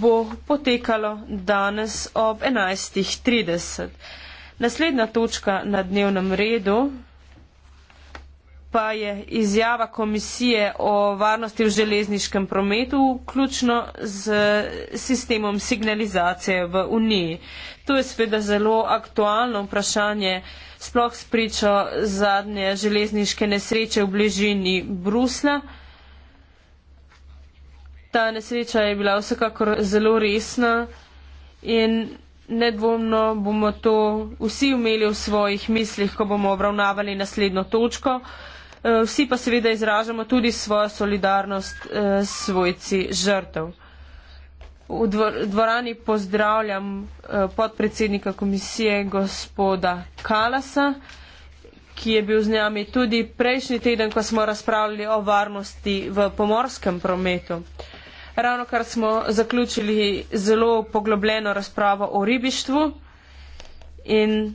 bo potekalo danes ob 11.30. Naslednja točka na dnevnem redu pa je izjava komisije o varnosti v železniškem prometu, vključno z sistemom signalizacije v Uniji. To je sveda zelo aktualno vprašanje, sploh spričo zadnje železniške nesreče v bližini Brusla. Ta nesreča je bila vsekakor zelo resna in nedvomno bomo to vsi imeli v svojih mislih, ko bomo obravnavali naslednjo točko. Eh, vsi pa seveda izražamo tudi svojo solidarnost eh, s svojci žrtev. V dvorani pozdravljam eh, podpredsednika komisije gospoda Kalasa, ki je bil z njami tudi prejšnji teden, ko smo razpravljali o varnosti v pomorskem prometu. Ravno kar smo zaključili zelo poglobljeno razpravo o ribištvu in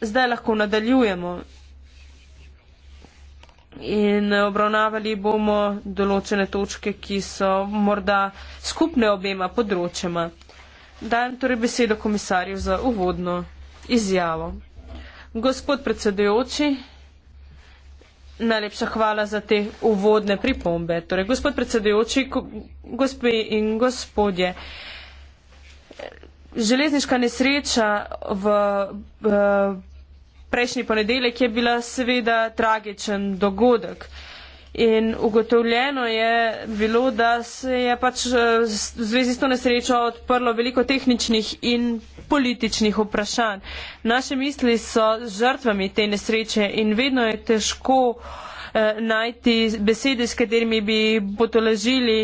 zdaj lahko nadaljujemo. In obravnavali bomo določene točke, ki so morda skupne obema področjema. Dajem torej besedo komisarju za uvodno izjavo. Gospod predsedujoči, Najlepša hvala za te uvodne pripombe. Torej, gospod predsedujoči, gospe in gospodje, železniška nesreča v, v eh, prejšnji ponedeljek je bila seveda tragičen dogodek. In ugotovljeno je bilo, da se je pač eh, v zvezi s to nesrečo odprlo veliko tehničnih in političnih vprašanj. Naše misli so žrtvami te nesreče in vedno je težko eh, najti besede, s katerimi bi potolažili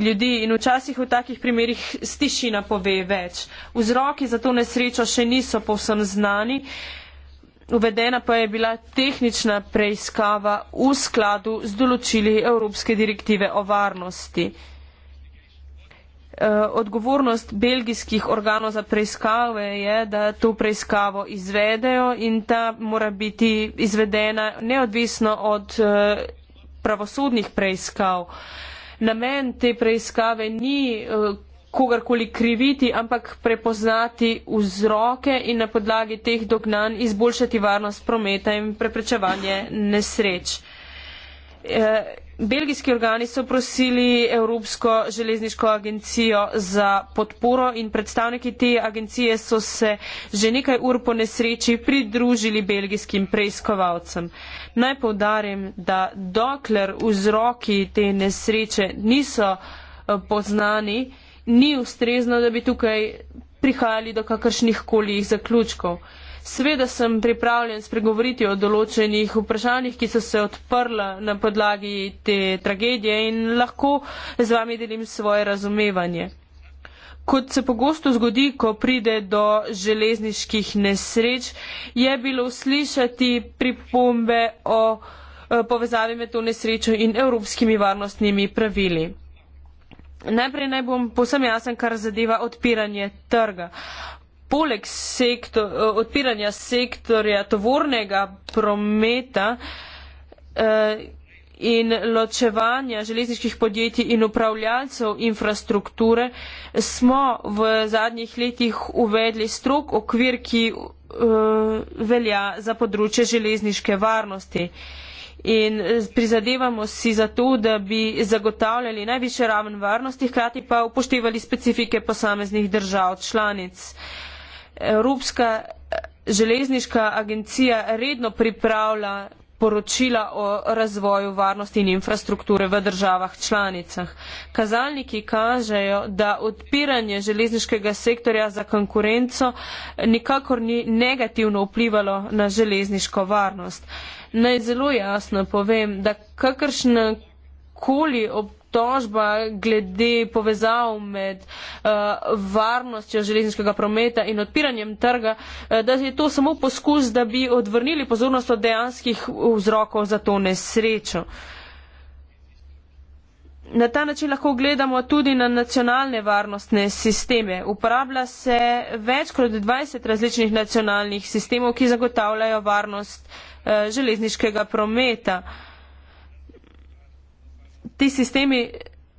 ljudi in včasih v takih primerih stišina pove več. Vzroki za to nesrečo še niso povsem znani, uvedena pa je bila tehnična preiskava v skladu z določili Evropske direktive o varnosti. Eh, odgovornost belgijskih organov za preiskave je, da to preiskavo izvedejo in ta mora biti izvedena neodvisno od eh, pravosodnih preiskav. Namen te preiskave ni eh, kogarkoli kriviti, ampak prepoznati vzroke in na podlagi teh dognanj izboljšati varnost prometa in preprečevanje nesreč. E, belgijski organi so prosili Evropsko železniško agencijo za podporo in predstavniki te agencije so se že nekaj ur po nesreči pridružili belgijskim preiskovalcem. Naj povdarim, da dokler vzroki te nesreče niso eh, poznani, ni ustrezno, da bi tukaj prihajali do kakršnih koli zaključkov. Sveda sem pripravljen spregovoriti o določenih vprašanjih, ki so se odprla na podlagi te tragedije in lahko z vami delim svoje razumevanje. Kot se pogosto zgodi, ko pride do železniških nesreč, je bilo slišati pripombe o eh, povezavi med to nesrečo in evropskimi varnostnimi pravili. Najprej naj bom povsem jasen, kar zadeva odpiranje trga. Poleg sektor, odpiranja sektorja tovornega prometa eh, in ločevanja železniških podjetij in upravljalcev infrastrukture smo v zadnjih letih uvedli strok okvir, ki eh, velja za področje železniške varnosti. Eh, in eh, prizadevamo si za to, da bi zagotavljali najviše raven varnosti, hkrati pa upoštevali specifike posameznih držav članic. Evropska eh, železniška agencija redno pripravlja poročila o razvoju varnosti in infrastrukture v državah članicah. Kazalniki kažejo, da odpiranje železniškega sektorja za konkurenco nikakor ni negativno vplivalo na železniško varnost naj zelo jasno povem, da kakršna koli obtožba glede povezav med uh, varnostjo železniškega prometa in odpiranjem trga, uh, da je to samo poskus, da bi odvrnili pozornost od dejanskih vzrokov za to nesrečo. Na ta način lahko gledamo tudi na nacionalne varnostne sisteme. Uporablja se več kot 20 različnih nacionalnih sistemov, ki zagotavljajo varnost uh, Eh, železniškega prometa. Ti sistemi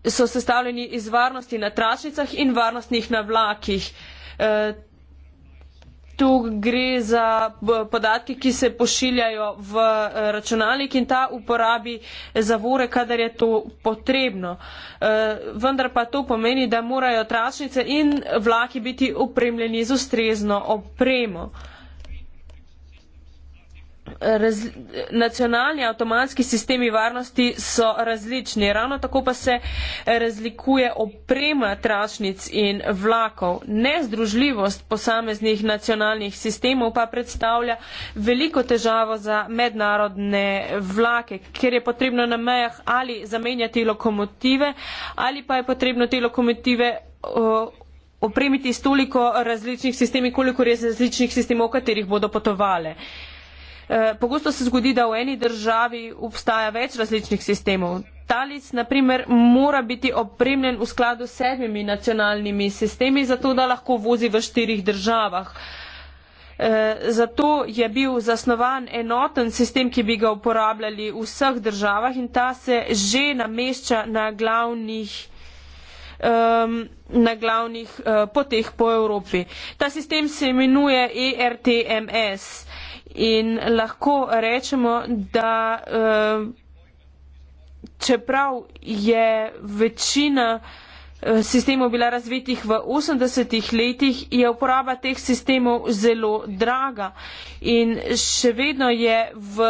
so sestavljeni iz varnosti na tračnicah in varnostnih na vlakih. Eh, tu gre za eh, podatke, ki se pošiljajo v računalnik in ta uporabi zavore, kadar je to potrebno. Vendar pa to pomeni, da morajo tračnice in vlaki biti upremljeni z ustrezno opremo nacionalni avtomatski sistemi varnosti so različni. Ravno tako pa se razlikuje oprema tračnic in vlakov. Nezdružljivost posameznih nacionalnih sistemov pa predstavlja veliko težavo za mednarodne vlake, ker je potrebno na mejah ali zamenjati lokomotive ali pa je potrebno te lokomotive opremiti s toliko različnih sistemi, koliko res različnih sistemov, v katerih bodo potovali. Eh, pogosto se zgodi, da v eni državi obstaja več različnih sistemov. Talic, naprimer, mora biti opremljen v skladu s sedmimi nacionalnimi sistemi, zato da lahko vozi v štirih državah. E, zato je bil zasnovan enoten sistem, ki bi ga uporabljali v vseh državah in ta se že namešča na glavnih, um, na glavnih uh, poteh po Evropi. Ta sistem se imenuje ERTMS. E, in lahko rečemo, da uh, čeprav je večina eh, sistemov bila razvitih v 80-ih letih, je uporaba teh sistemov zelo draga in še vedno je v,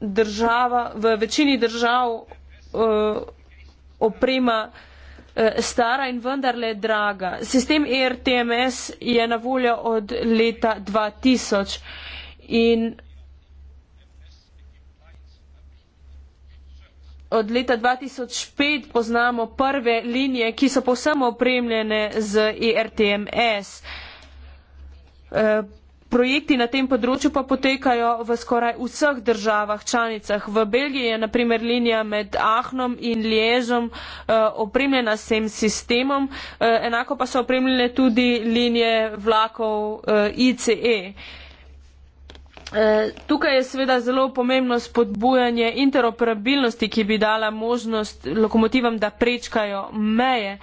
država, v večini držav uh, oprema stara in vendarle draga. Sistem ERTMS je na voljo od leta 2000. In od leta 2005 poznamo prve linije, ki so povsem opremljene z ERTMS. E, projekti na tem področju pa potekajo v skoraj vseh državah članicah. V Belgiji je naprimer linija med Ahnom in Liežom e, opremljena s tem sistemom, e, enako pa so opremljene tudi linije vlakov ICE. Eh, tukaj je seveda zelo pomembno spodbujanje interoperabilnosti, ki bi dala možnost lokomotivam, da prečkajo meje.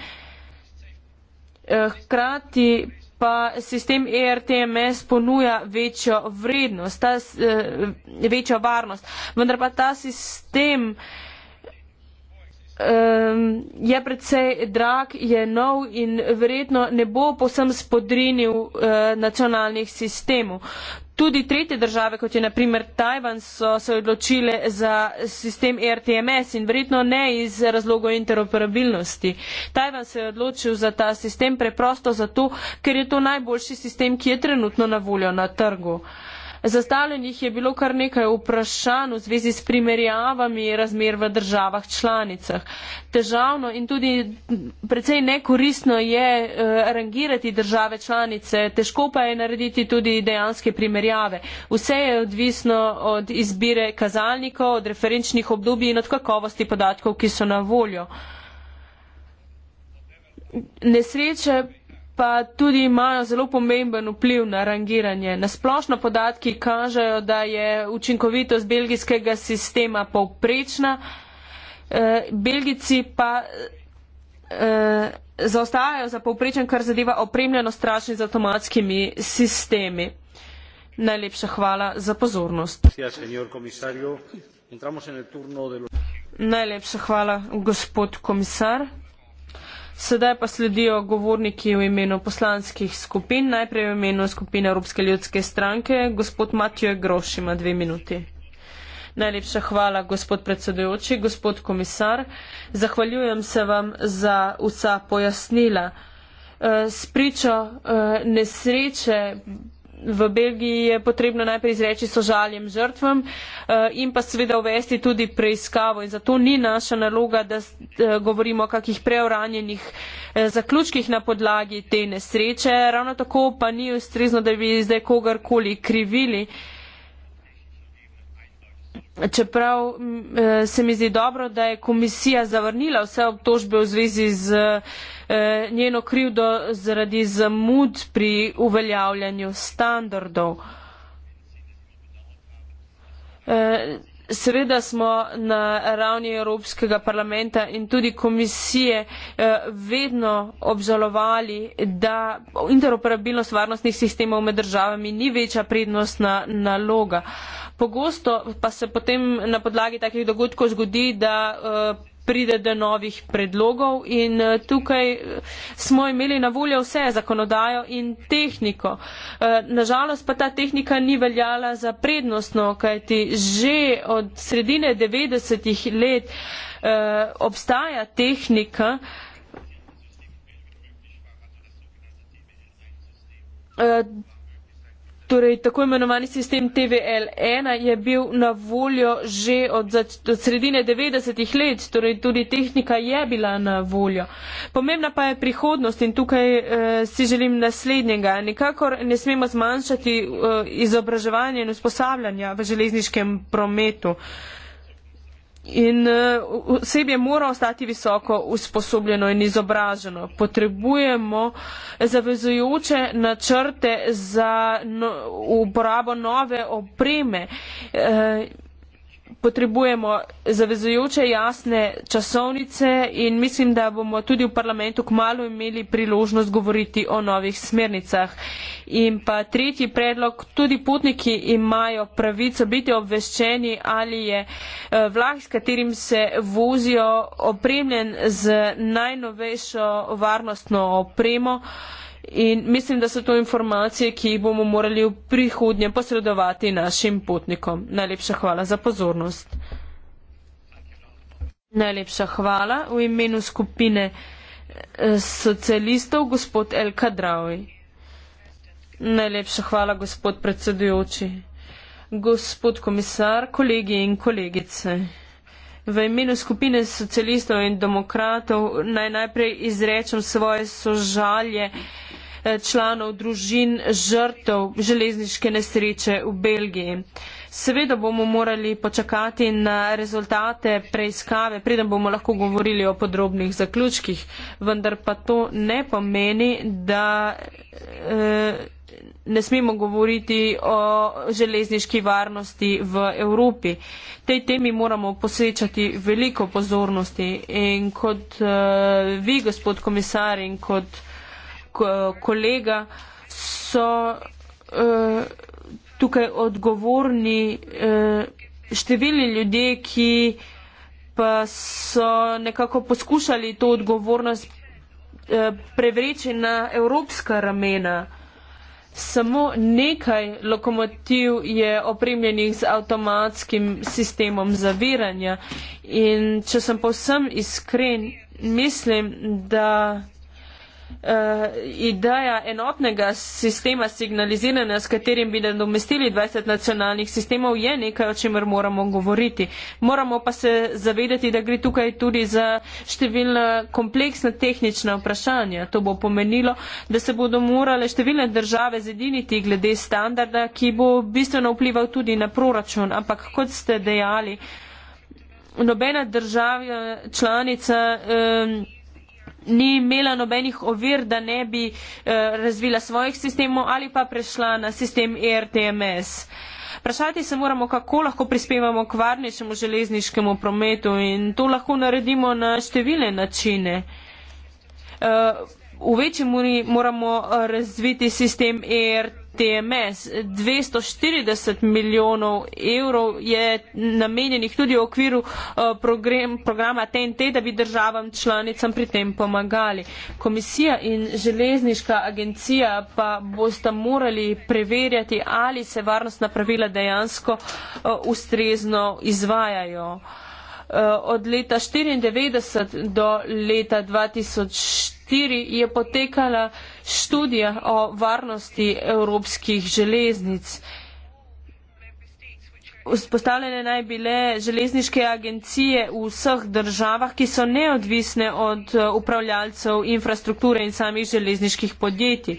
Eh, hkrati pa sistem ERTMS ponuja večjo vrednost, ta, eh, večjo varnost. Vendar pa ta sistem ehm, je predvsej drag, je nov in verjetno ne bo posem spodrinil nacionalnih sistemov. Tudi tretje države, kot je naprimer Tajvan, so se odločile za sistem ERTMS in verjetno ne iz razlogov interoperabilnosti. Tajvan se je odločil za ta sistem preprosto zato, ker je to najboljši sistem, ki je trenutno na voljo na trgu. Uh, Zastavljenih je bilo kar nekaj vprašanj v zvezi s primerjavami razmer v državah članicah. Težavno in tudi precej nekoristno je eh, rangirati države članice, težko pa je narediti tudi dejanske primerjave. Vse je odvisno od izbire kazalnikov, od referenčnih obdobij in od kakovosti podatkov, ki so na voljo. Nesreče pa tudi imajo zelo pomemben vpliv na rangiranje. Nasplošno podatki kažejo, da je učinkovitost belgijskega sistema povprečna. Eh, Belgici pa eh, zaostajajo za povprečen, kar zadeva opremljeno strašni z avtomatskimi sistemi. Najlepša hvala za pozornost. Najlepša hvala, gospod komisar. Sedaj pa sledijo govorniki v imenu poslanskih skupin, najprej v imenu skupine Evropske ljudske stranke, gospod Matijo Groš ima dve minuti. Najlepša hvala, gospod predsedujoči, gospod komisar. Zahvaljujem se vam za vsa pojasnila. Eh, Spričo eh, nesreče v Belgiji je potrebno najprej izreči sožaljem žrtvam eh, in pa seveda uvesti tudi preiskavo. In zato ni naša naloga, da eh, govorimo o kakih preuranjenih eh, zaključkih na podlagi te nesreče. Ravno tako pa ni ustrezno, da bi zdaj kogarkoli krivili. Čeprav eh, se mi zdi dobro, da je komisija zavrnila vse obtožbe v zvezi z eh, njeno krivdo zaradi zamud pri uveljavljanju standardov. Eh, Seveda smo na ravni Evropskega parlamenta in tudi komisije eh, vedno obžalovali, da interoperabilnost varnostnih sistemov med državami ni večja prednostna naloga. Pogosto pa se potem na podlagi takih dogodkov zgodi, da uh, pride do novih predlogov in eh, tukaj eh, smo imeli na voljo vse zakonodajo in tehniko. Eh, Nažalost pa ta tehnika ni veljala za prednostno, kajti že od sredine 90-ih let obstaja tehnika, da Torej, tako imenovani sistem TVL1 je bil na voljo že od, od sredine 90-ih let, torej tudi tehnika je bila na voljo. Pomembna pa je prihodnost in tukaj eh, si želim naslednjega. Nikakor ne smemo zmanjšati eh, izobraževanja in usposabljanja v železniškem prometu. Eh, In eh, osebje mora ostati visoko usposobljeno in izobraženo. Potrebujemo zavezujoče načrte za no, uporabo nove opreme. E, potrebujemo zavezujoče jasne časovnice in mislim, da bomo tudi v parlamentu kmalo imeli priložnost govoriti o novih smernicah. In pa tretji predlog, tudi potniki imajo pravico biti obveščeni, ali je eh, vlak, s katerim se vozijo, opremljen z najnovejšo varnostno opremo. Uh, In mislim, da so to informacije, ki jih bomo morali v prihodnje posredovati našim potnikom. Najlepša hvala za pozornost. Najlepša hvala v imenu skupine eh, socialistov, gospod El Kadravi. Najlepša hvala, gospod predsedujoči. Gospod komisar, kolegi in kolegice v imenu skupine socialistov in demokratov naj najprej izrečem svoje sožalje eh, članov družin žrtev železniške nesreče v Belgiji. Seveda bomo morali počakati na rezultate preiskave, preden bomo lahko govorili o podrobnih zaključkih, vendar pa to ne pomeni, da. Eh, ne smemo govoriti o železniški varnosti v Evropi. Tej temi moramo posvečati veliko pozornosti in kot uh, vi, gospod komisar, in kot kolega so uh, tukaj odgovorni uh, številni ljudje, ki pa so nekako poskušali to odgovornost uh, prevreči na evropska ramena samo nekaj lokomotiv je opremljenih z avtomatskim sistemom zaviranja. In če sem povsem iskren, mislim, da uh, ideja enotnega sistema signaliziranja, s katerim bi nadomestili 20 nacionalnih sistemov, je nekaj, o čemer moramo govoriti. Moramo pa se zavedati, da gre tukaj tudi za številna kompleksna tehnična vprašanja. To bo pomenilo, da se bodo morale številne države zediniti glede standarda, ki bo bistveno vplival tudi na proračun. Ampak kot ste dejali, nobena država članica. Um, ni imela nobenih ovir, da ne bi eh, razvila svojih sistemov ali pa prešla na sistem ERTMS. Vprašati se moramo, kako lahko prispevamo k varnejšemu železniškemu prometu in to lahko naredimo na številne načine. Eh, v večji muri moramo eh, razviti sistem ERT. TMS. 240 milijonov evrov je namenjenih tudi v okviru eh, programa TNT, da bi državam članicam pri tem pomagali. Komisija in železniška agencija pa boste morali preverjati, ali se varnostna pravila dejansko eh, ustrezno izvajajo. Eh, od leta 1994 do leta 2004 štiri je potekala študija o varnosti evropskih železnic. Vzpostavljene naj bile železniške agencije v vseh državah, ki so neodvisne od eh, upravljalcev infrastrukture in samih železniških podjetij.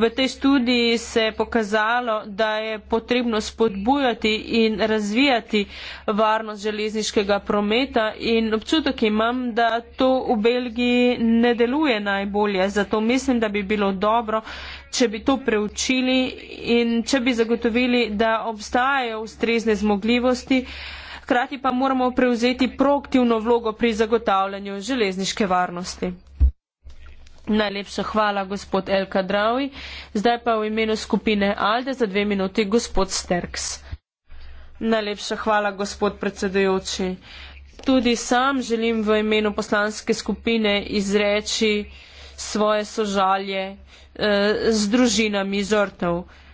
V tej študiji se je pokazalo, da je potrebno spodbujati in razvijati varnost železniškega prometa in občutek imam, da to v Belgiji ne deluje najbolje. Zato mislim, da bi bilo dobro, če bi to preučili in če bi zagotovili, da obstajajo ustrezne zmogljivosti. Hkrati pa moramo prevzeti proaktivno vlogo pri zagotavljanju železniške varnosti. Najlepša hvala, gospod Elka Dravi. Zdaj pa v imenu skupine Alde za dve minuti, gospod Sterks. Najlepša hvala, gospod predsedujoči. Tudi sam želim v imenu poslanske skupine izreči svoje sožalje eh, z družinami žrtev. Eh,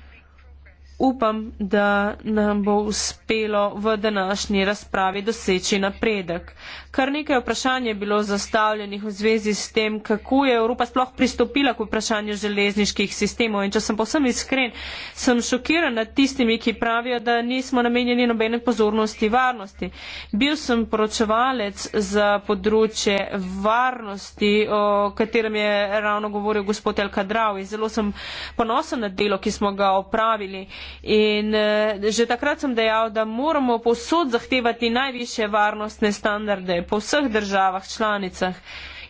upam, da nam bo uspelo v današnji razpravi doseči napredek. Kar nekaj vprašanj je bilo zastavljenih v zvezi s tem, kako je Evropa sploh pristopila k vprašanju železniških sistemov. In če sem povsem iskren, sem šokiran nad tistimi, ki pravijo, da nismo namenjeni nobene pozornosti varnosti. Bil sem poročevalec za področje varnosti, o katerem je ravno govoril gospod El Kadrav in zelo sem ponosen na delo, ki smo ga opravili. In eh, že takrat sem dejal, da moramo posod zahtevati najviše varnostne standarde po vseh državah članicah.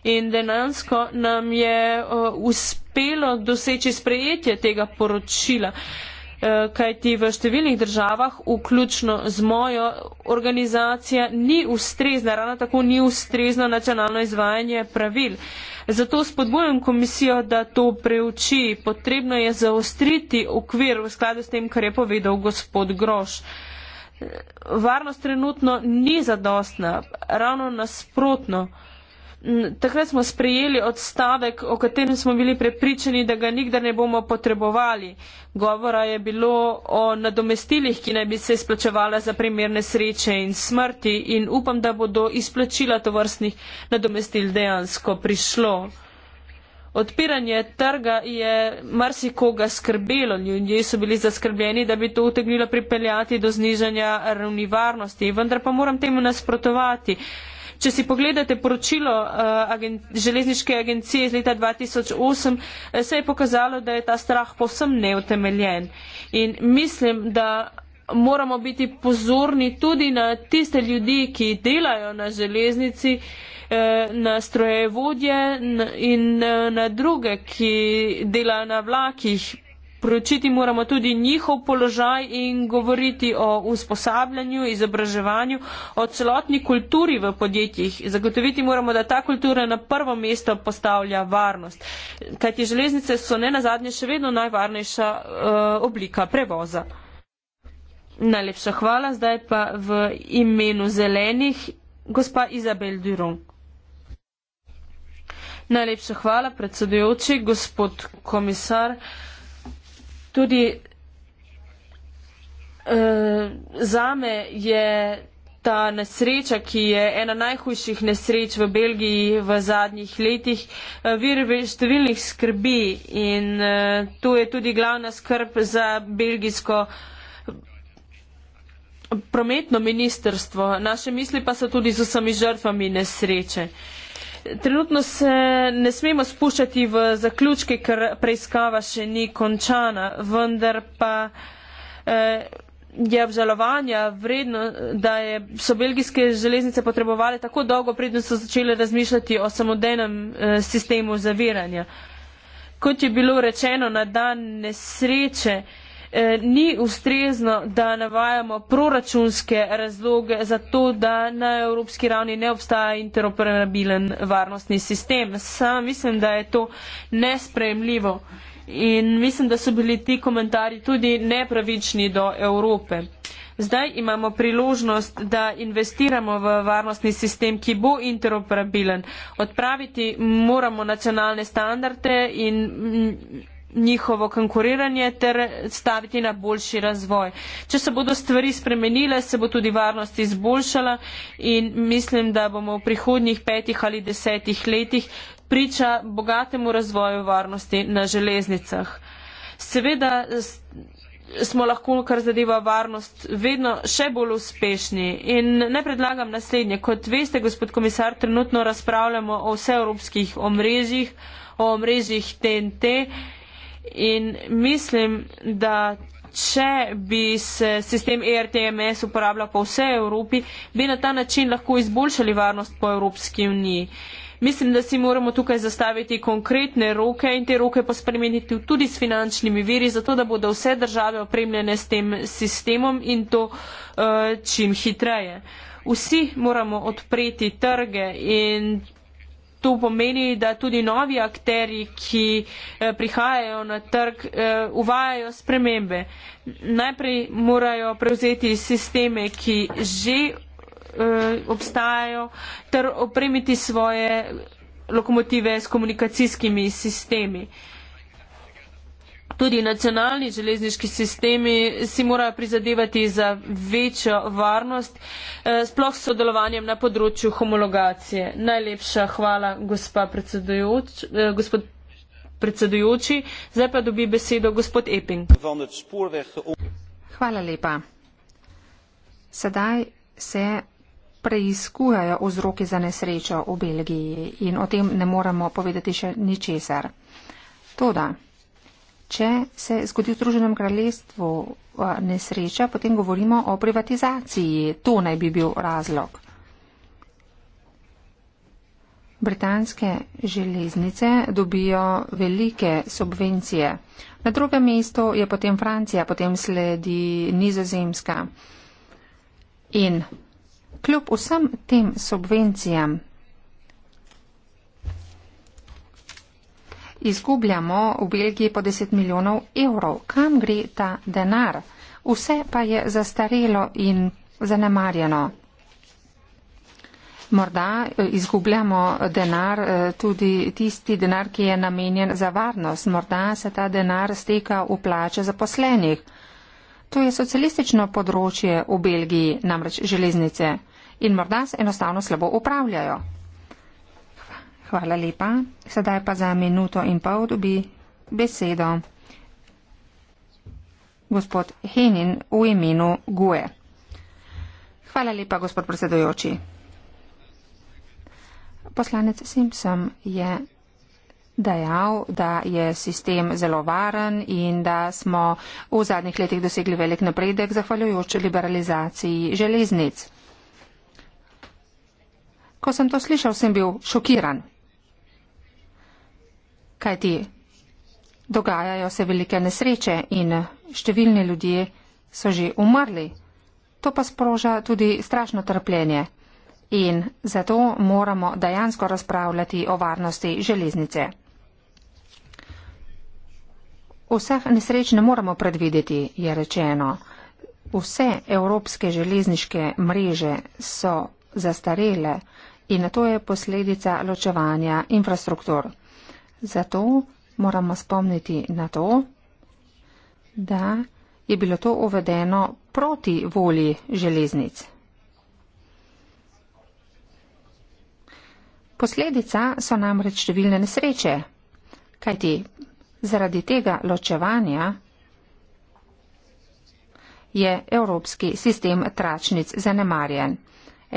In denansko nam je eh, uspelo doseči sprejetje tega poročila. Eh, kajti v številnih državah, vključno z mojo organizacijo, ni ustrezna, ravno tako ni ustrezno nacionalno izvajanje pravil. Uh, Zato spodbojam komisijo, da to preuči. Potrebno je zaostriti okvir v skladu s tem, kar je povedal gospod Groš. Varnost trenutno ni zadostna, ravno nasprotno takrat smo sprejeli odstavek, o katerem smo bili prepričani, da ga nikdar ne bomo potrebovali. Govora je bilo o nadomestilih, ki naj bi se izplačevala za primerne sreče in smrti in upam, da bodo izplačila to vrstnih nadomestil dejansko prišlo. Odpiranje trga je marsikoga skrbelo, ljudje so bili zaskrbljeni, da bi to utegnilo pripeljati do znižanja ravni varnosti, vendar pa moram temu nasprotovati. Če si pogledate poročilo uh, agen železniške agencije iz leta 2008, eh, se je pokazalo, da je ta strah povsem neutemeljen. In mislim, da moramo biti pozorni tudi na tiste ljudi, ki delajo na železnici, eh, na strojevodje in na druge, ki delajo na vlakih, Proučiti moramo tudi njihov položaj in govoriti o usposabljanju, izobraževanju, o celotni kulturi v podjetjih. Zagotoviti moramo, da ta kultura na prvo mesto postavlja varnost. Kajti železnice so ne na zadnje še vedno najvarnejša uh, oblika prevoza. Najlepša hvala. Zdaj pa v imenu zelenih gospa Izabel Duron. Najlepša hvala, predsedujoči, gospod komisar. Uh, tudi uh, zame je ta nesreča, ki je ena najhujših nesreč v Belgiji v zadnjih letih, eh, vir številnih skrbi in uh, eh, tu je tudi glavna skrb za belgijsko prometno ministrstvo. Naše misli pa so tudi z vsemi žrtvami nesreče. Uh, Trenutno se ne smemo spuščati v zaključke, ker preiskava še ni končana, vendar pa eh, je obžalovanja vredno, da je, so belgijske železnice potrebovali tako dolgo, predno so začele razmišljati o samodejnem eh, sistemu zaviranja. Kot je bilo rečeno na dan nesreče, eh, Eh, ni ustrezno, da navajamo proračunske razloge za to, da na evropski ravni ne obstaja interoperabilen varnostni sistem. Sam mislim, da je to nespremljivo in mislim, da so bili ti komentarji tudi nepravični do Evrope. Zdaj imamo priložnost, da investiramo v varnostni sistem, ki bo interoperabilen. Odpraviti moramo nacionalne standarde in. Mm, njihovo konkuriranje ter staviti na boljši razvoj. Če se bodo stvari spremenile, se bo tudi varnost izboljšala in mislim, da bomo v prihodnjih petih ali desetih letih priča bogatemu razvoju varnosti na železnicah. Seveda smo lahko, kar zadeva varnost, vedno še bolj uspešni. In ne predlagam naslednje. Kot veste, gospod komisar, trenutno razpravljamo o vseevropskih omrežjih, o omrežjih TNT In mislim, da če bi se sistem ERTMS uporabljal po vsej Evropi, bi na ta način lahko izboljšali varnost po Evropski uniji. Mislim, da si moramo tukaj zastaviti konkretne roke in te roke pa spremeniti tudi s finančnimi viri, zato da bodo vse države opremljene s tem sistemom in to uh, čim hitreje. Vsi moramo odpreti trge in to pomeni, da tudi novi akteri, ki eh, prihajajo na trg, eh, uvajajo spremembe. Najprej morajo prevzeti sisteme, ki že eh, obstajajo, ter opremiti svoje lokomotive s komunikacijskimi sistemi. Uh, Tudi nacionalni železniški sistemi si morajo prizadevati za večjo varnost, eh, sploh s sodelovanjem na področju homologacije. Najlepša hvala, predsedujoč, eh, gospod predsedujoči. Zdaj pa dobi besedo gospod Epping. Hvala lepa. Sedaj se preizkujajo vzroki za nesrečo v Belgiji in o tem ne moremo povedati še ničesar. Toda, Če se zgodi v Združenem kraljestvu nesreča, potem govorimo o privatizaciji. To naj bi bil razlog. Britanske železnice dobijo velike subvencije. Na drugem mestu je potem Francija, potem sledi Nizozemska. In kljub vsem tem subvencijam izgubljamo v Belgiji po 10 milijonov evrov. Kam gre ta denar? Vse pa je zastarelo in zanemarjeno. Morda eh, izgubljamo eh, denar, eh, tudi tisti denar, ki je namenjen za varnost. Morda se ta denar steka v plače zaposlenih. To je socialistično področje v Belgiji, namreč železnice. In morda se enostavno slabo upravljajo. Hvala lepa. Sedaj pa za minuto in pol dobi besedo gospod Henin v imenu GUE. Hvala lepa, gospod predsedojoči. Poslanec Simpson je dejal, da je sistem zelo varen in da smo v zadnjih letih dosegli velik napredek zahvaljujoč liberalizaciji železnic. Ko sem to slišal, sem bil šokiran kajti dogajajo se velike nesreče in številni ljudje so že umrli. To pa sproža tudi strašno trpljenje in zato moramo dejansko razpravljati o varnosti železnice. Vseh nesreč ne moremo predvideti, je rečeno. Vse evropske železniške mreže so zastarele in to je posledica ločevanja infrastruktur. Zato moramo spomniti na to, da je bilo to uvedeno proti volji železnic. Posledica so namreč številne nesreče, kajti zaradi tega ločevanja je evropski sistem tračnic zanemarjen.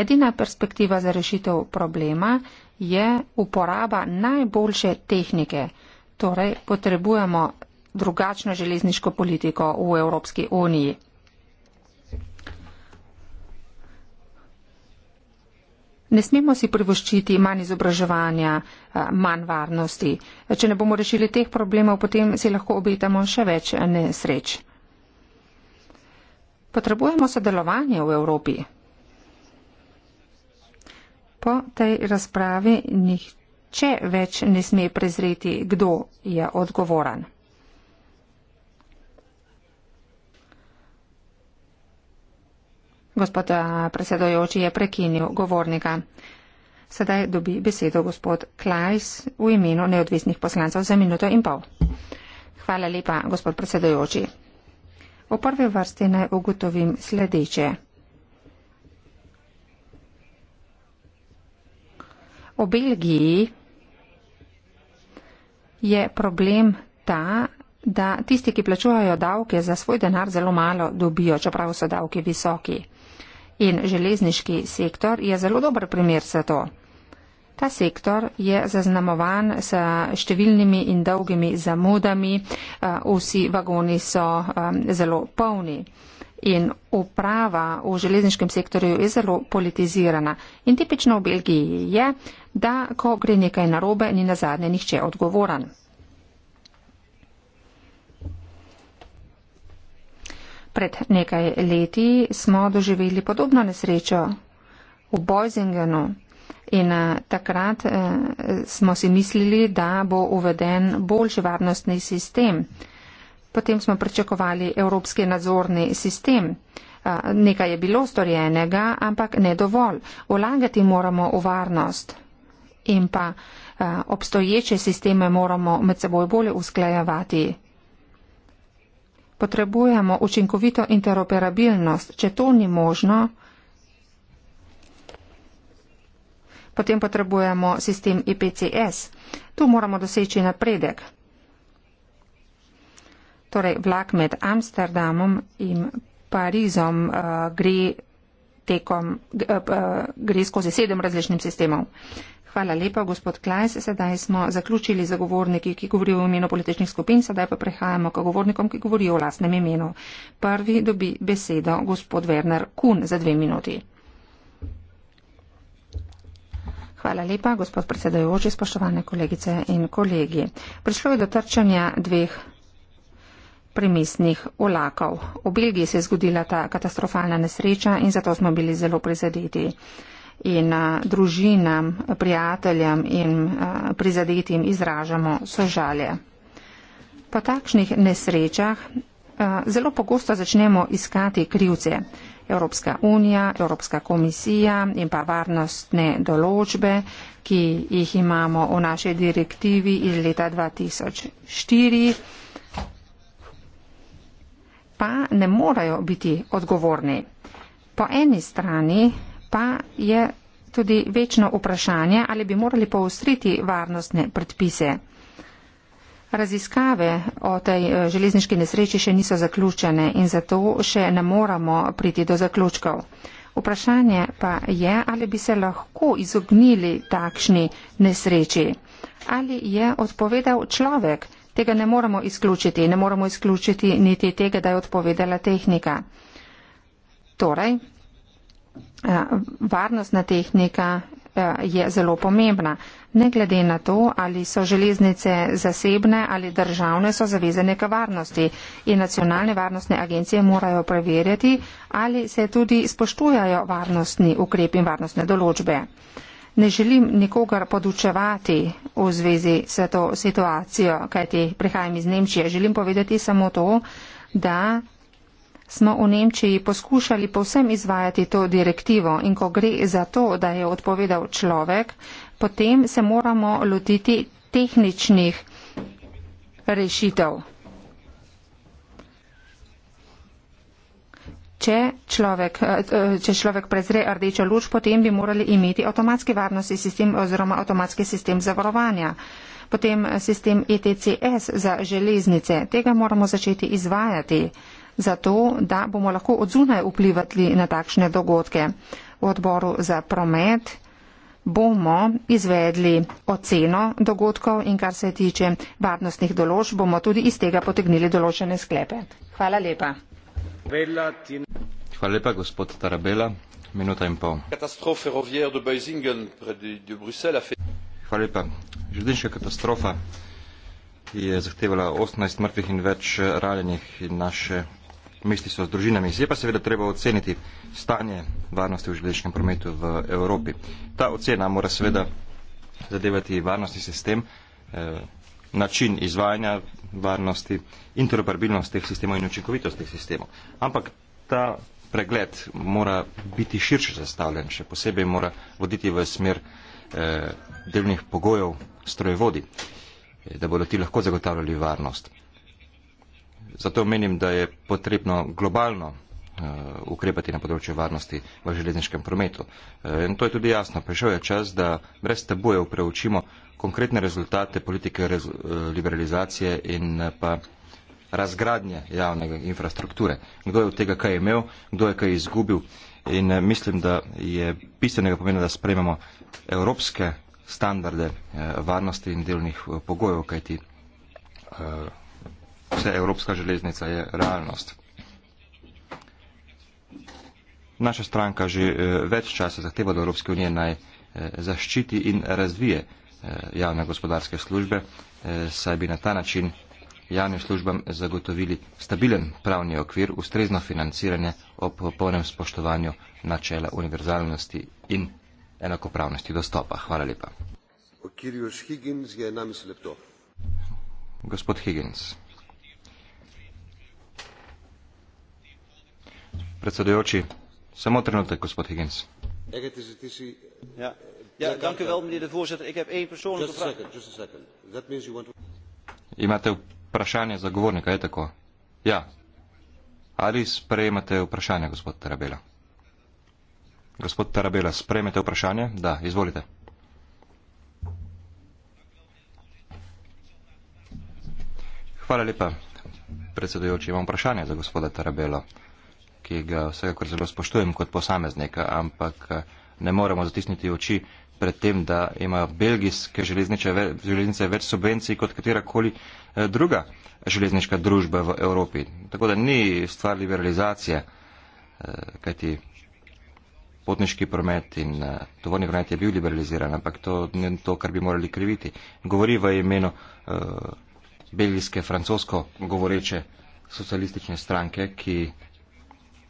Edina perspektiva za rešitev problema je uporaba najboljše tehnike. Torej potrebujemo drugačno železniško politiko v Evropski uniji. Ne smemo si privoščiti manj izobraževanja, eh, manj varnosti. Če ne bomo rešili teh problemov, potem si lahko obetamo še več nesreč. Potrebujemo sodelovanje v Evropi. Po tej razpravi nihče več ne sme prezreti, kdo je odgovoren. Gospod eh, predsedojoči je prekinil govornika. Sedaj dobi besedo gospod Klajs v imenu neodvisnih poslancev za minuto in pol. Hvala lepa, gospod predsedojoči. V prvi vrsti naj ugotovim sledeče. V Belgiji je problem ta, da tisti, ki plačujejo davke, za svoj denar zelo malo dobijo, čeprav so davki visoki. In železniški sektor je zelo dober primer za to. Ta sektor je zaznamovan s številnimi in dolgimi zamudami, vsi vagoni so zelo polni in uprava v železniškem sektorju je zelo politizirana. In tipično v Belgiji je, da ko gre nekaj narobe, ni na zadnje nihče odgovoran. Pred nekaj leti smo doživeli podobno nesrečo v Boisingenu in eh, takrat eh, smo si mislili, da bo uveden boljši varnostni sistem. Eh, Potem smo pričakovali evropski nadzorni sistem. Nekaj je bilo storjenega, ampak ne dovolj. Vlagati moramo v varnost in pa obstoječe sisteme moramo med seboj bolje usklajevati. Potrebujemo učinkovito interoperabilnost. Če to ni možno, potem potrebujemo sistem IPCS. Tu moramo doseči napredek. Torej, vlak med Amsterdamom in Parizom uh, gre, tekom, uh, uh, gre skozi sedem različnih sistemov. Hvala lepa, gospod Klajs. Sedaj smo zaključili zagovorniki, ki govorijo v imenu političnih skupin, sedaj pa prehajamo k govornikom, ki govorijo v lastnem imenu. Prvi dobi besedo gospod Werner Kun za dve minuti. Hvala lepa, gospod predsedajoči, spoštovane kolegice in kolegi. Prišlo je do trčanja dveh premestnih vlakov. V Belgiji se je zgodila ta katastrofalna nesreča in zato smo bili zelo prizadeti. In družinam, prijateljem in prizadetim izražamo sožalje. Po takšnih nesrečah zelo pogosto začnemo iskati krivce. Evropska unija, Evropska komisija in pa varnostne določbe, ki jih imamo v naši direktivi iz leta 2004 pa ne morajo biti odgovorni. Po eni strani pa je tudi večno vprašanje, ali bi morali poustriti varnostne predpise. Raziskave o tej eh, železniški nesreči še niso zaključene in zato še ne moramo priti do zaključkov. Vprašanje pa je, ali bi se lahko izognili takšni nesreči. Ali je odpovedal človek? Tega ne moremo izključiti. Ne moremo izključiti niti tega, da je odpovedala tehnika. Torej, eh, varnostna tehnika eh, je zelo pomembna. Ne glede na to, ali so železnice zasebne ali državne, so zavezane k varnosti in nacionalne varnostne agencije morajo preverjati, ali se tudi spoštujajo varnostni ukrepi in varnostne določbe ne želim nikogar podučevati v zvezi s to situacijo, kajti prihajam iz Nemčije. Želim povedati samo to, da smo v Nemčiji poskušali povsem izvajati to direktivo in ko gre za to, da je odpovedal človek, potem se moramo lotiti tehničnih rešitev. Če človek, eh, eh, če človek prezre rdečo luč, potem bi morali imeti avtomatski varnostni sistem oziroma avtomatski sistem zavarovanja. Potem eh, sistem ETCS za železnice. Tega moramo začeti izvajati, zato da bomo lahko odzunaj vplivali na takšne dogodke. V odboru za promet bomo izvedli oceno dogodkov in kar se tiče varnostnih določb, bomo tudi iz tega potegnili določene sklepe. Hvala lepa. Železniška katastrofa je zahtevala 18 mrtvih in več eh, ranjenih in naše misli so z družinami. Zdaj pa seveda treba oceniti stanje varnosti v železniškem prometu v Evropi. Ta ocena mora seveda zadevati varnostni sistem, eh, način izvajanja varnosti, interoperabilnost teh sistemov in učinkovitost teh sistemov. Ampak ta pregled mora biti širše zastavljen, še posebej mora voditi v smer eh, delnih pogojev strojevodi, eh, da bodo ti lahko zagotavljali varnost. Zato menim, da je potrebno globalno eh, ukrepati na področju varnosti v železniškem prometu. Eh, in to je tudi jasno. Prišel je čas, da brez tebuje preučimo konkretne rezultate politike eh, liberalizacije in eh, pa razgradnje javnega infrastrukture. Kdo je od tega kaj imel, kdo je kaj izgubil in eh, mislim, da je pisanega pomena, da sprejmemo evropske standarde varnosti in delnih pogojev, kajti vse evropska železnica je realnost. Naša stranka že več časa zahteva do Evropske unije naj zaščiti in razvije Eh, javne gospodarske službe, eh, saj bi na ta način javnim službam zagotovili stabilen pravni okvir, ustrezno financiranje ob popolnem spoštovanju načela univerzalnosti in enakopravnosti dostopa. Hvala lepa. Gospod Higgins. Predsedujoči, samo trenutek, gospod Higgins. Ja. Ja, ja, dank u wel, meneer de voorzitter. Ik heb één persoonlijke vraag. Just a second, just a second. That means you want to... vprašanje za govornika, je tako? Ja. Ali sprejemate vprašanje, gospod Tarabela? Gospod Tarabela, sprejmete vprašanje? Da, izvolite. Hvala lepa, predsedujoči. Imam vprašanje za gospoda Tarabela, ki ga vsekakor zelo spoštujem kot posameznika, ampak eh, ne moremo zatisniti oči predtem, da ima belgijske železnice več subvencij kot katerakoli eh, druga železniška družba v Evropi. Tako da ni stvar liberalizacije, eh, kajti potniški promet in eh, tovorni promet je bil liberaliziran, ampak to ni to, kar bi morali kriviti. Govori v imenu belgijske, francosko govoreče socialistične stranke, ki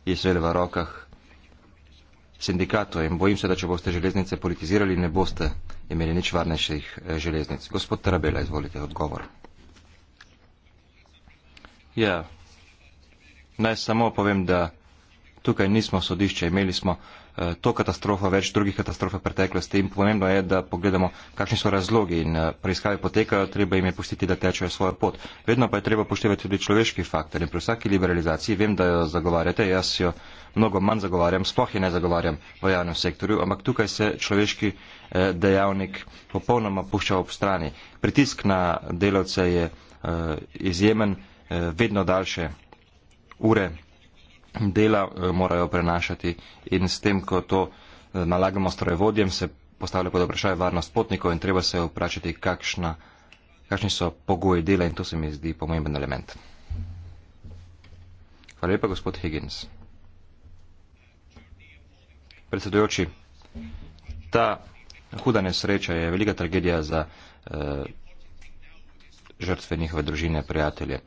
je seveda v rokah sindikatov in bojim se, da če boste železnice politizirali, ne boste imeli nič varnejših eh, železnic. Gospod Trabela, izvolite odgovor. Ja, naj samo povem, da tukaj nismo sodišče, imeli smo Eh, to katastrofo, več drugih katastrof v preteklosti in pomembno je, da pogledamo, kakšni so razlogi in eh, preiskave potekajo, treba jim je pustiti, da tečejo svojo pot. Vedno pa je treba poštevati tudi človeški faktor in pri vsaki liberalizaciji, vem, da jo zagovarjate, jaz jo mnogo manj zagovarjam, sploh je ne zagovarjam v javnem sektorju, ampak tukaj se človeški eh, dejavnik popolnoma pušča ob strani. Pritisk na delavce je izjemen, vedno daljše ure dela eh, morajo prenašati in s tem, ko to eh, nalagamo strojevodjem, se postavlja pod vprašanje varnost potnikov in treba se vprašati, kakšna, kakšni so pogoji dela in to se mi zdi pomemben element. Hvala lepa, gospod Higgins. Predsedujoči, ta huda nesreča je velika tragedija za eh, žrtve njihove družine, prijatelje. Eh,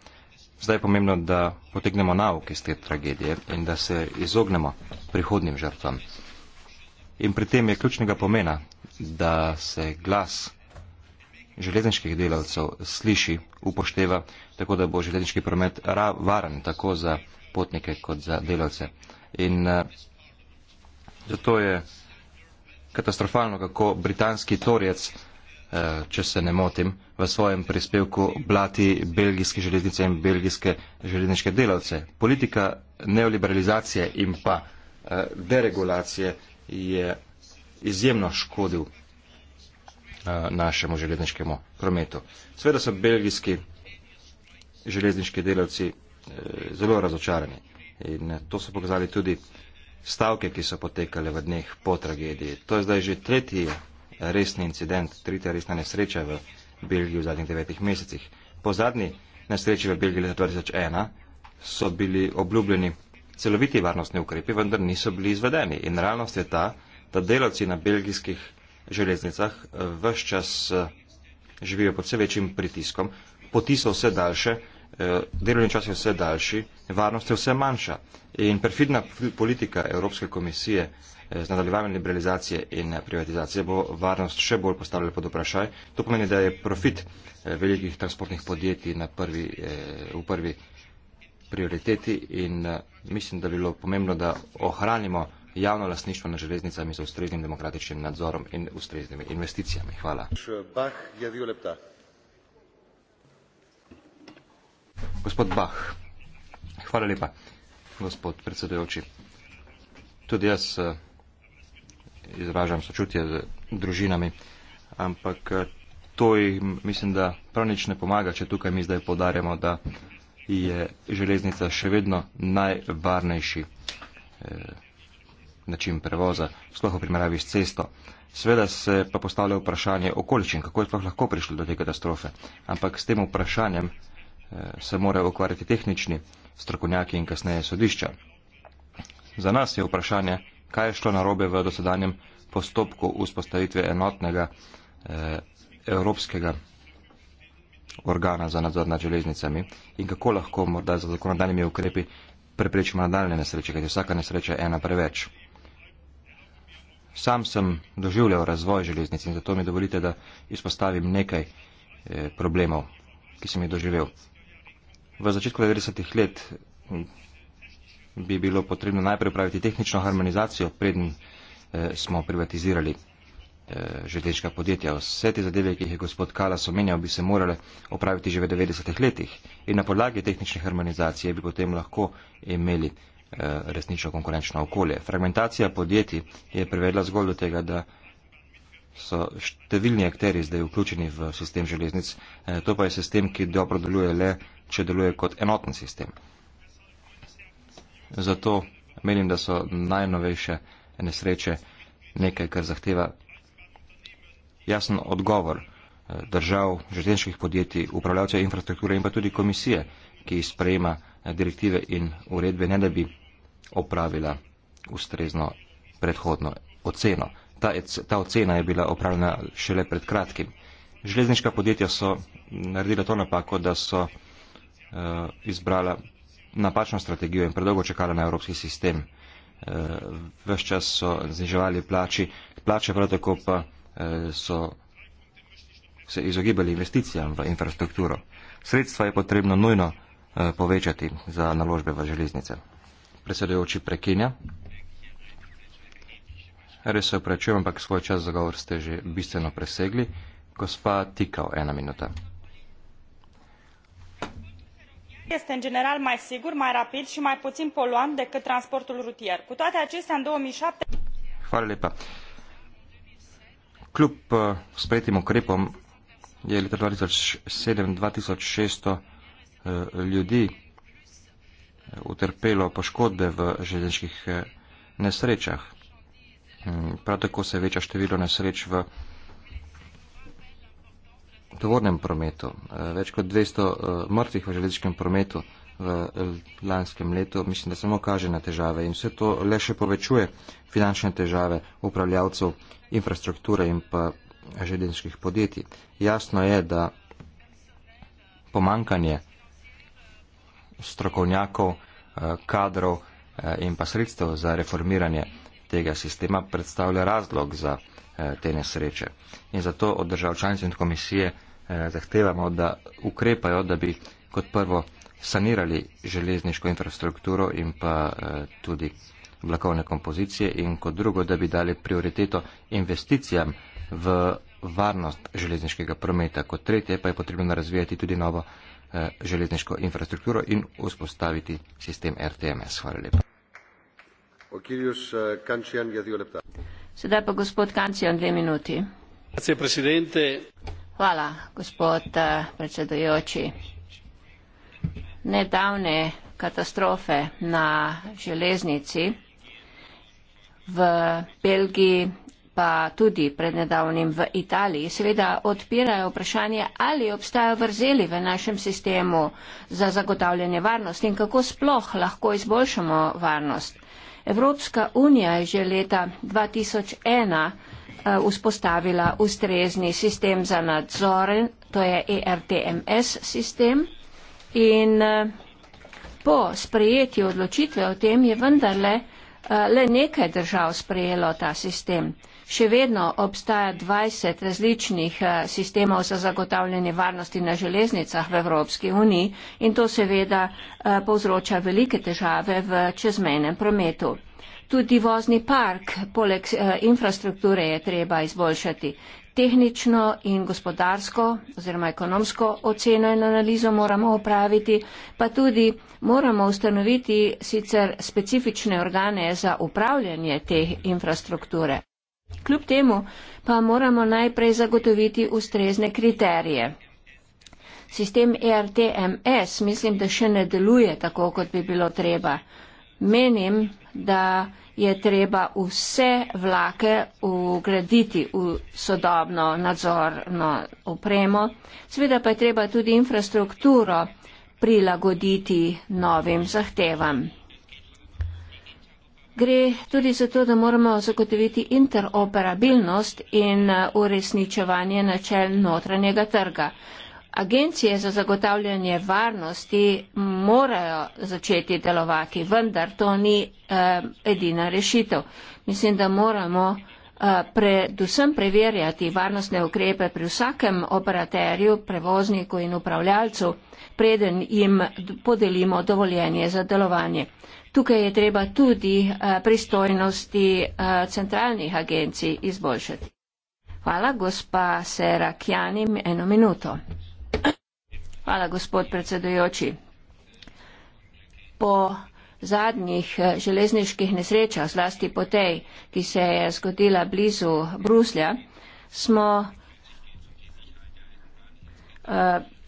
Zdaj je pomembno, da potegnemo nauk iz te tragedije in da se izognemo prihodnim žrtvam. In pri tem je ključnega pomena, da se glas železniških delavcev sliši, upošteva, tako da bo železniški promet varen tako za potnike kot za delavce. In eh, zato je katastrofalno, kako britanski torjec Eh, če se ne motim, v svojem prispevku blati belgijske železnice in belgijske železniške delavce. Politika neoliberalizacije in pa eh, deregulacije je izjemno škodil eh, našemu železniškemu prometu. Sveda so belgijski železniški delavci zelo razočarani in to so pokazali tudi stavke, ki so potekale v dneh po tragediji. To je zdaj že tretji resni incident, tretja resna nesreča v Belgiji v zadnjih devetih mesecih. Po zadnji nesreči v Belgiji leta 2001 so bili obljubljeni celoviti varnostni ukrepi, vendar niso bili izvedeni. In realnost je ta, da delavci na belgijskih železnicah vse čas eh, živijo pod vse večjim pritiskom, poti so vse daljše, eh, delovni čas je vse daljši, varnost je vse manjša. In perfidna politika Evropske komisije Eh, z nadaljevanjem liberalizacije in eh, privatizacije bo varnost še bolj postavljala pod vprašaj. To pomeni, da je profit eh, velikih transportnih podjetij na prvi, eh, v prvi prioriteti in eh, mislim, da bi bilo pomembno, da ohranimo javno lasništvo na železnicami z ustreznim demokratičnim nadzorom in ustreznimi investicijami. Hvala. Gospod Bach, hvala lepa, gospod predsedujoči. Tudi jaz eh, izražam sočutje z družinami, ampak eh, to jim mislim, da prav nič ne pomaga, če tukaj mi zdaj podarjamo, da je železnica še vedno najvarnejši eh, način prevoza, sploh v primeravi s cesto. Sveda se pa postavlja vprašanje okoličin, kako je sploh lahko prišlo do te katastrofe, ampak s tem vprašanjem eh, se morajo ukvarjati tehnični strokovnjaki in kasneje sodišča. Za nas je vprašanje, kaj je šlo narobe v dosedanjem postopku vzpostavitve enotnega eh, evropskega organa za nadzor nad železnicami in kako lahko morda z zakonodajnimi ukrepi preprečimo nadaljne nesreče, kajti vsaka nesreča je ena preveč. Sam sem doživljal razvoj železnic in zato mi dovolite, da izpostavim nekaj eh, problemov, ki sem jih doživel. V začetku 90-ih let bi bilo potrebno najprej praviti tehnično harmonizacijo, predn eh, smo privatizirali eh, želečka podjetja. Vse te zadeve, ki jih je gospod Kalas omenjal, bi se morale opraviti že v 90-ih letih in na podlagi tehnične harmonizacije bi potem lahko imeli eh, resnično konkurenčno okolje. Fragmentacija podjetij je privedla zgolj do tega, da so številni akteri zdaj vključeni v sistem železnic, eh, to pa je sistem, ki dobro deluje le, če deluje kot enoten sistem. Zato menim, da so najnovejše nesreče nekaj, kar zahteva jasen odgovor eh, držav, železniških podjetij, upravljavcev infrastrukture in pa tudi komisije, ki sprejema eh, direktive in uredbe, ne da bi opravila ustrezno predhodno oceno. Ta, e, ta ocena je bila opravljena šele pred kratkim. Železniška podjetja so naredila to napako, da so uh, izbrala napačno strategijo in predolgo čakala na evropski sistem. Eh, ves čas so zniževali plači, plače prav tako pa eh, so se izogibali investicijam v infrastrukturo. Sredstva je potrebno nujno eh, povečati za naložbe v železnice. Predsedujoči prekinja. Res se oprečujem, ampak svoj čas zagovor ste že bistveno presegli. Gospa Tikal, ena minuta este în general mai sigur mai rapid i mai puin poluant decât transportul rutier. cu toate acestea în două mii șapte Klub uh, s pretim ukrepom je leta 2007-2600 uh, ljudi utrpelo uh, poškodbe v železniških nesrečah. Mm, Prav tako se veča število nesreč v tovornem prometu. Eh, več kot 200 eh, mrtvih v železniškem prometu v eh, lanskem letu mislim, da samo kaže na težave in vse to le še povečuje finančne težave upravljavcev infrastrukture in pa železniških podjetij. Jasno je, da pomankanje strokovnjakov, kadrov in pa sredstev za reformiranje tega sistema predstavlja razlog za Eh, te nesreče. In zato od držav članic in komisije eh, zahtevamo, da ukrepajo, da bi kot prvo sanirali železniško infrastrukturo in pa eh, tudi vlakovne kompozicije in kot drugo, da bi dali prioriteto investicijam v varnost železniškega prometa. Kot tretje pa je potrebno razvijati tudi novo železniško infrastrukturo in vzpostaviti sistem RTMS. Hvala lepa. Eh, sedaj pa gospod kancian dve minuti hvala gospod eh, predsedujoči nedavne katastrofe na železnici v belgiji pa tudi pred nedavnim v Italiji, seveda odpirajo vprašanje, ali obstajajo vrzeli v našem sistemu za zagotavljanje varnosti in kako sploh lahko izboljšamo varnost. Evropska unija je že leta 2001 eh, vzpostavila ustrezni sistem za nadzore, to je ERTMS sistem. In eh, po sprejetju odločitve o tem je vendarle eh, le nekaj držav sprejelo ta sistem. Še vedno obstaja 20 različnih eh, sistemov za zagotavljanje varnosti na železnicah v Evropski uniji in to seveda eh, povzroča velike težave v čezmejnem prometu. Tudi vozni park poleg eh, infrastrukture je treba izboljšati. Tehnično in gospodarsko oziroma ekonomsko oceno in analizo moramo opraviti, pa tudi moramo ustanoviti sicer specifične organe za upravljanje te infrastrukture. Kljub temu pa moramo najprej zagotoviti ustrezne kriterije. Sistem ERTMS mislim, da še ne deluje tako, kot bi bilo treba. Menim, da je treba vse vlake ugraditi v sodobno nadzorno opremo. Sveda pa je treba tudi infrastrukturo prilagoditi novim zahtevam. Gre tudi za to, da moramo zagotoviti interoperabilnost in uh, uresničevanje načel notranjega trga. Agencije za zagotavljanje varnosti morajo začeti delovati, vendar to ni eh, edina rešitev. Mislim, da moramo eh, predvsem preverjati varnostne ukrepe pri vsakem operaterju, prevozniku in upravljalcu, preden jim podelimo dovoljenje za delovanje. Tukaj je treba tudi eh, pristojnosti eh, centralnih agencij izboljšati. Hvala, gospa Sera Kjanim, eno minuto. Hvala, gospod predsedujoči. Po zadnjih eh, železniških nesrečah, zlasti po tej, ki se je zgodila blizu Bruslja, smo uh,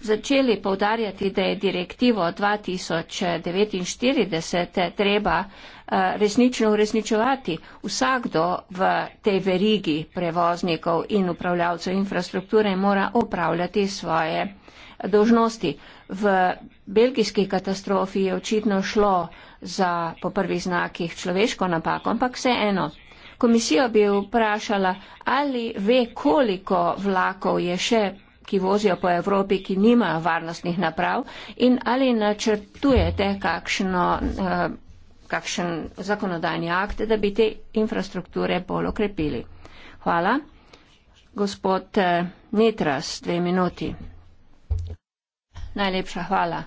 začeli povdarjati, da je direktivo 2049 treba eh, resnično uresničevati. Vsakdo v tej verigi prevoznikov in upravljavcev infrastrukture mora opravljati svoje dožnosti. V belgijski katastrofi je očitno šlo za po prvih znakih človeško napako, ampak vseeno. Komisijo bi vprašala, ali ve, koliko vlakov je še ki vozijo po Evropi, ki nimajo varnostnih naprav in ali načrtujete kakšno, eh, kakšen zakonodajni akt, da bi te infrastrukture bolj okrepili. Hvala. Gospod eh, Nitras, dve minuti. Najlepša hvala.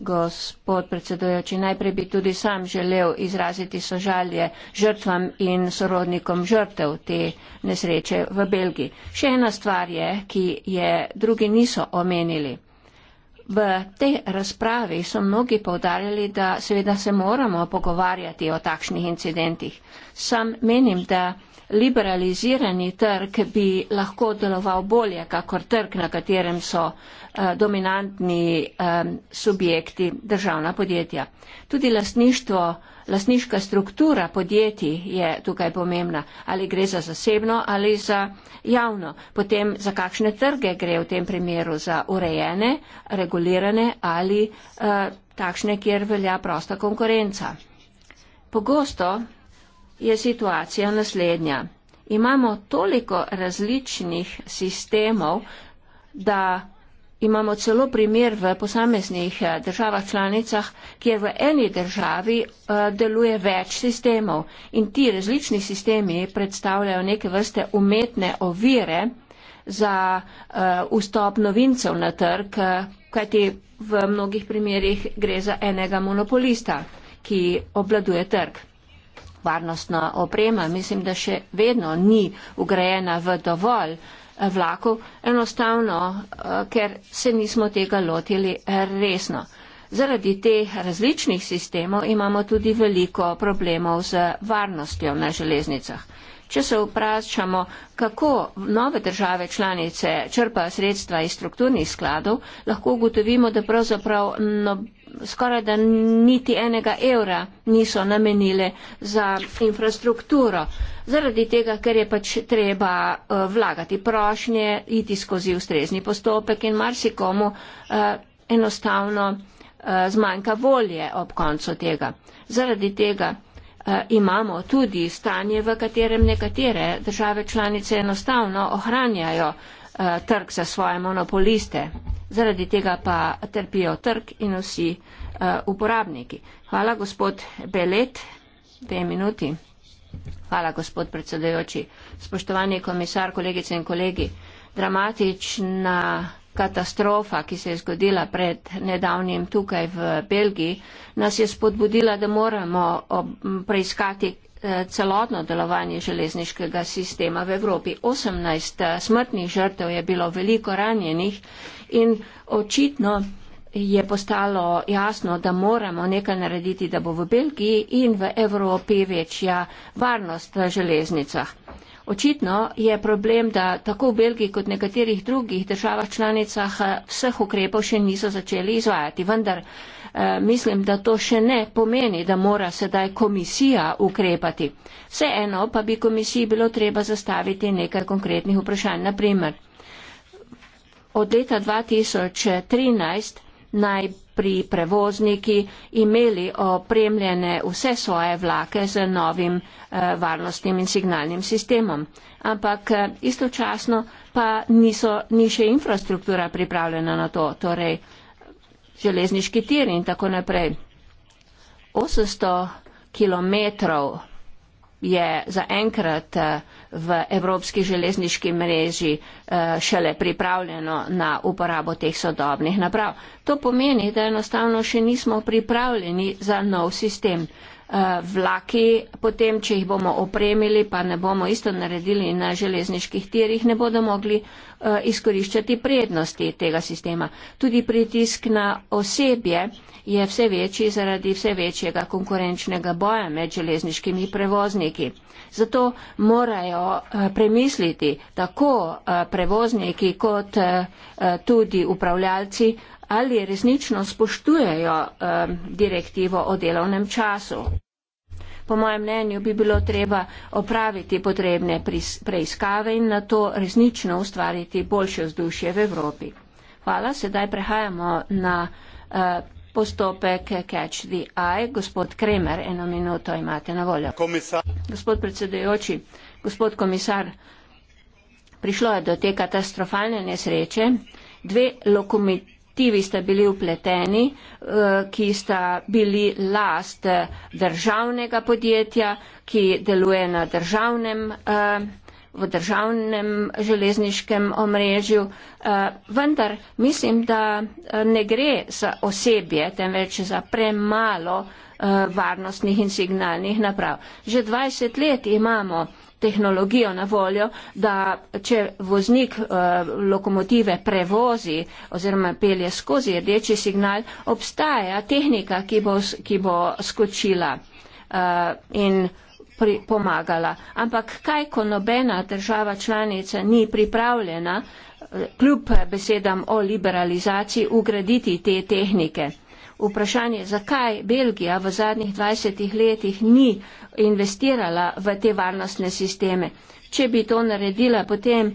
Gospod predsedujoči, najprej bi tudi sam želel izraziti sožalje žrtvam in sorodnikom žrtev te nesreče v Belgiji. Še ena stvar je, ki je drugi niso omenili. V tej razpravi so mnogi povdarjali, da seveda se moramo pogovarjati o takšnih incidentih. Sam menim, da liberalizirani trg bi lahko deloval bolje, kakor trg, na katerem so eh, dominantni eh, subjekti državna podjetja. Tudi lastništvo, lastniška struktura podjetij je tukaj pomembna, ali gre za zasebno ali za javno. Potem za kakšne trge gre v tem primeru, za urejene, regulirane ali eh, takšne, kjer velja prosta konkurenca. Pogosto je situacija naslednja. Imamo toliko različnih sistemov, da imamo celo primer v posameznih eh, državah članicah, kjer v eni državi eh, deluje več sistemov in ti različni sistemi predstavljajo neke vrste umetne ovire za eh, vstop novincev na trg, kajti v mnogih primerjih gre za enega monopolista, ki obladuje trg varnostna oprema, mislim, da še vedno ni ugrajena v dovolj eh, vlakov, enostavno, eh, ker se nismo tega lotili eh, resno. Zaradi teh različnih sistemov imamo tudi veliko problemov z varnostjo na železnicah. Če se vprašamo, kako nove države članice črpajo sredstva iz strukturnih skladov, lahko ugotovimo, da pravzaprav no, skoraj da niti enega evra niso namenile za infrastrukturo. Zaradi tega, ker je pač treba eh, vlagati prošnje, iti skozi ustrezni postopek in marsikomu eh, enostavno eh, zmanjka volje ob koncu tega. Zaradi tega Eh, imamo tudi stanje, v katerem nekatere države članice enostavno ohranjajo eh, trg za svoje monopoliste. Zaradi tega pa trpijo trg in vsi eh, uporabniki. Hvala, gospod Belet. Dve minuti. Hvala, gospod predsedujoči. Spoštovani komisar, kolegice in kolegi. Dramatična katastrofa, ki se je zgodila pred nedavnim tukaj v Belgiji, nas je spodbudila, da moramo preiskati eh, celotno delovanje železniškega sistema v Evropi. 18 eh, smrtnih žrtev je bilo veliko ranjenih in očitno je postalo jasno, da moramo nekaj narediti, da bo v Belgiji in v Evropi večja varnost v železnicah. Očitno je problem, da tako v Belgiji kot nekaterih drugih državah članicah eh, vseh ukrepov še niso začeli izvajati. Vendar eh, mislim, da to še ne pomeni, da mora sedaj komisija ukrepati. Vseeno pa bi komisiji bilo treba zastaviti nekaj konkretnih vprašanj. Naprimer, od leta 2013 naj pri prevozniki imeli opremljene vse svoje vlake z novim eh, varnostnim in signalnim sistemom. Ampak eh, istočasno pa niso, ni še infrastruktura pripravljena na to, torej železniški tir in tako naprej. 800 km je zaenkrat eh, v evropski železniški mreži eh, šele pripravljeno na uporabo teh sodobnih naprav. To pomeni, da enostavno še nismo pripravljeni za nov sistem. Eh, vlaki, potem, če jih bomo opremili, pa ne bomo isto naredili na železniških tirih, ne bodo mogli eh, izkoriščati prednosti tega sistema. Tudi pritisk na osebje je vse večji zaradi vse večjega konkurenčnega boja med železniškimi prevozniki. Zato morajo eh, premisliti tako prevozniki kot tudi upravljalci, ali resnično spoštujejo direktivo o delovnem času po mojem mnenju bi bilo treba opraviti potrebne preiskave in na to resnično ustvariti boljše vzdušje v Evropi. Hvala, sedaj prehajamo na uh, postopek Catch the Eye. Gospod Kremer, eno minuto imate na voljo. Komisar. Gospod predsedujoči, gospod komisar, prišlo je do te katastrofalne nesreče. Dve lokomit aktivi sta bili upleteni, eh, ki sta bili last eh, državnega podjetja, ki deluje na državnem, eh, v državnem železniškem omrežju. Vendar mislim, da ne gre za osebje, temveč za premalo varnostnih in signalnih naprav. Že 20 let imamo tehnologijo na voljo, da če voznik eh, lokomotive prevozi oziroma pelje skozi rdeči signal, obstaja tehnika, ki bo, ki bo skočila eh, in pri, pomagala. Ampak kaj, ko nobena država članica ni pripravljena, eh, kljub besedam o liberalizaciji, ugraditi te tehnike vprašanje, zakaj Belgija v zadnjih 20 letih ni investirala v te varnostne sisteme. Če bi to naredila, potem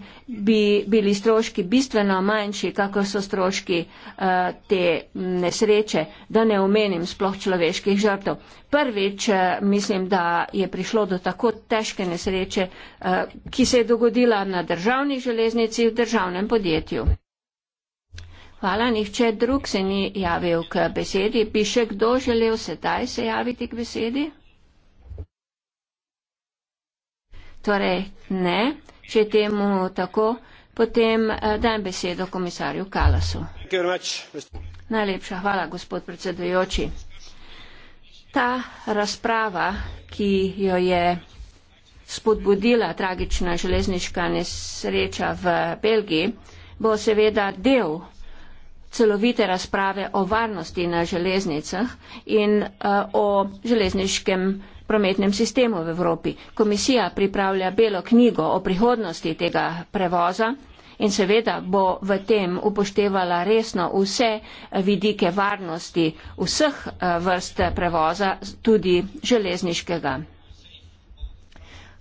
bi bili stroški bistveno manjši, kako so stroški uh, te nesreče, da ne omenim sploh človeških žrtev. Prvič eh, mislim, da je prišlo do tako težke nesreče, uh, ki se je dogodila na državni železnici v državnem podjetju. Hvala, nihče drug se ni javil k besedi. Bi še kdo želel sedaj se javiti k besedi? Torej, ne. Če temu tako, potem eh, dajem besedo komisarju Kalasu. Najlepša hvala, gospod predsedujoči. Ta razprava, ki jo je spodbudila tragična železniška nesreča v Belgiji, bo seveda del celovite razprave o varnosti na železnicah in uh, o železniškem prometnem sistemu v Evropi. Komisija pripravlja belo knjigo o prihodnosti tega prevoza. In seveda bo v tem upoštevala resno vse vidike varnosti vseh eh, vrst prevoza, tudi železniškega,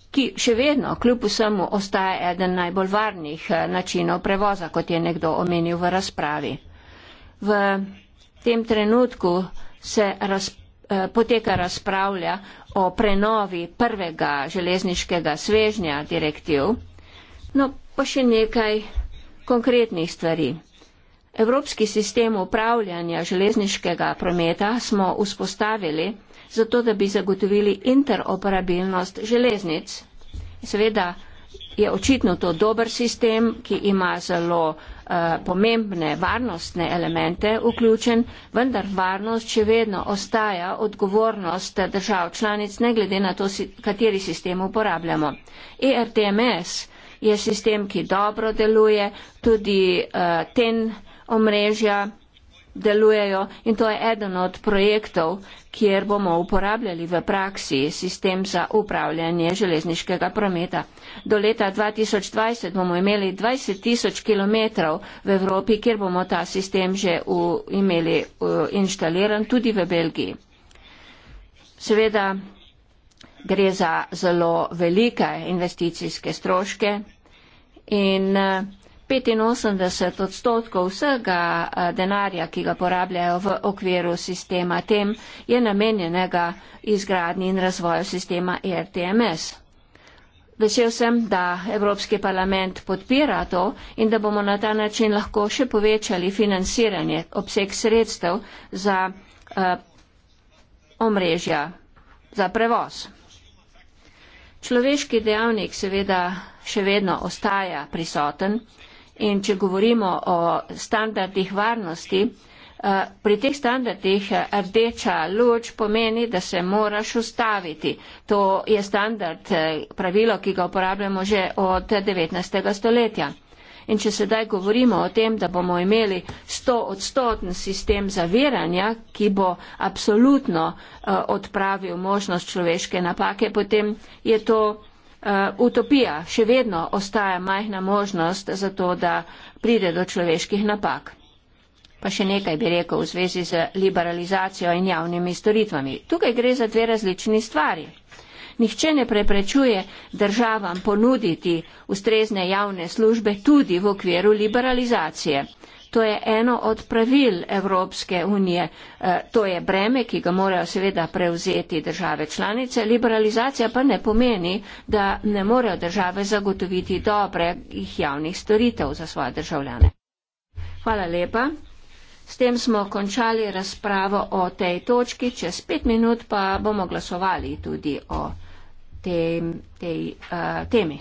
ki še vedno, kljub vsemu, ostaja eden najbolj varnih eh, načinov prevoza, kot je nekdo omenil v razpravi v tem trenutku se raz, eh, poteka razpravlja o prenovi prvega železniškega svežnja direktiv. No, pa še nekaj konkretnih stvari. Evropski sistem upravljanja železniškega prometa smo vzpostavili zato, da bi zagotovili interoperabilnost železnic. Seveda je očitno to dober sistem, ki ima zelo uh, Eh, pomembne varnostne elemente vključen, vendar varnost še vedno ostaja odgovornost držav članic, ne glede na to, kateri sistem uporabljamo. ERTMS je sistem, ki dobro deluje, tudi uh, ten omrežja delujejo in to je eden od projektov, kjer bomo uporabljali v praksi sistem za upravljanje železniškega prometa. Do leta 2020 bomo imeli 20 tisoč kilometrov v Evropi, kjer bomo ta sistem že v, imeli v, inštaliran tudi v Belgiji. Seveda gre za zelo velike investicijske stroške in 85 odstotkov vsega denarja, ki ga porabljajo v okviru sistema tem, je namenjenega izgradnji in razvoju sistema ERTMS. Vesel sem, da Evropski parlament podpira to in da bomo na ta način lahko še povečali financiranje obseg sredstev za uh, omrežja, za prevoz. Človeški dejavnik seveda še vedno ostaja prisoten, In če govorimo o standardih varnosti, eh, pri teh standardih eh, rdeča luč pomeni, da se moraš ustaviti. To je standard, eh, pravilo, ki ga uporabljamo že od 19. stoletja. In če sedaj govorimo o tem, da bomo imeli 100 odstoten sistem zaviranja, ki bo absolutno uh, odpravil možnost človeške napake, potem je to uh, utopija, še vedno ostaja majhna možnost za to, da pride do človeških napak. Pa še nekaj bi rekel v zvezi z liberalizacijo in javnimi storitvami. Tukaj gre za dve različni stvari. Nihče ne preprečuje državam ponuditi ustrezne javne službe tudi v okviru liberalizacije. To je eno od pravil Evropske unije. E, to je breme, ki ga morajo seveda prevzeti države članice. Liberalizacija pa ne pomeni, da ne morejo države zagotoviti dobrih javnih storitev za svoje državljane. Hvala lepa. S tem smo končali razpravo o tej točki. Čez pet minut pa bomo glasovali tudi o tem, tej uh, temi.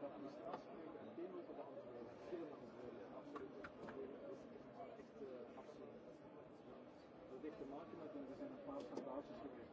Dat heeft te maken met een paar standaardjes geweest.